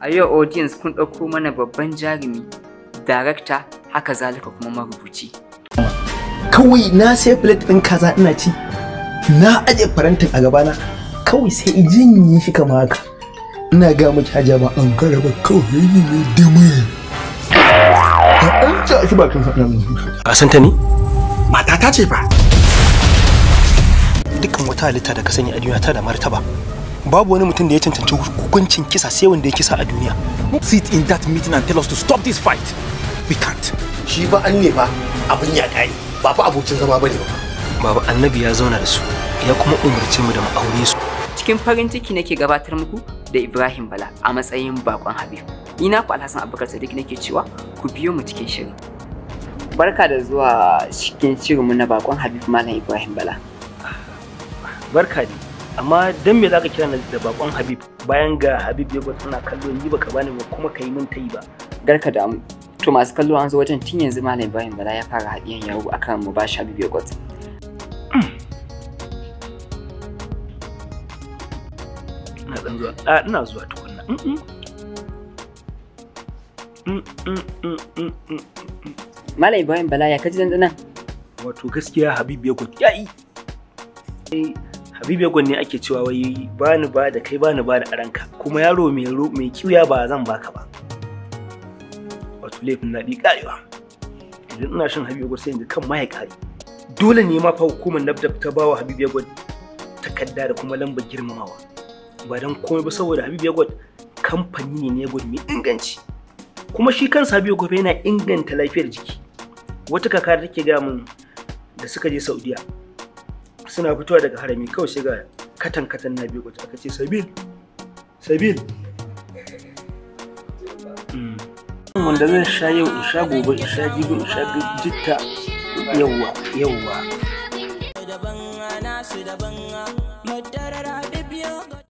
A yau audience kun ɗauko mana babban jarumi, darakta haka zalika kuma marubuci. Kawai na sai plate ɗin kaza ina ci, na aje farantin a gabana, kawai sai janye shi kama haka. Ina ga miki hajiya ba an kara ba kawai ne da dimai. An ci a shi bakin faɗa mun. A ta ni? ta ce ba. Dukkan wata halitta da ka sani a duniya ta da martaba. babu wani mutum da ya cancanci hukuncin kisa sai wanda ya kisa a duniya sit in that meeting and tell us to stop this fight we can't shi ba an ne ba abin ya kai ba fa abokin zama bane ba baba annabi ya zauna da su ya kuma umarci mu da mu aure su cikin farin ciki nake gabatar muku da Ibrahim Bala a matsayin bakon Habib ina ku Alhassan Abubakar Sadiq nake cewa ku biyo mu cikin shirin barka da zuwa cikin shirinmu na bakon Habib Malam Ibrahim Bala barka dai amma dan me za ka kira da bakon habib bayan ga habib ya suna kallo yi baka bani ba kuma kai mun ta yi ba garka da to masu kallo an zo wajen tun yanzu malam bayan bala ya fara haɗiyan yaro akan mu ba shi habib ya ina dan zuwa a ina zuwa tukunna mm, mm. Mm, malam ibrahim bala ya kaji dandana. wato gaskiya habib ya yayi eh, habibu ya ne ake cewa wai bani ba da kai bani ba da aranka kuma yaro mai mai ba zan baka ba wato laifin na karewa idan ina shan habibu sai yanzu kan ma dole ne ma fa hukumar nabdab ta bawa habibu gwanne takarda da kuma lambar girmamawa ba don komai ba saboda habibu gwanne kamfani ne na gwanne mai inganci kuma shi kansa habibu gobe yana inganta lafiyar jiki wata kakar da take gaya min da suka je saudiya suna fitowa daga harami kawai sai ga katan katan na biyu aka ce sabil sabil hmm. wanda zan sha yau in sha gobe in sha jibi in sha jitta yawwa yawwa daban su daban madarar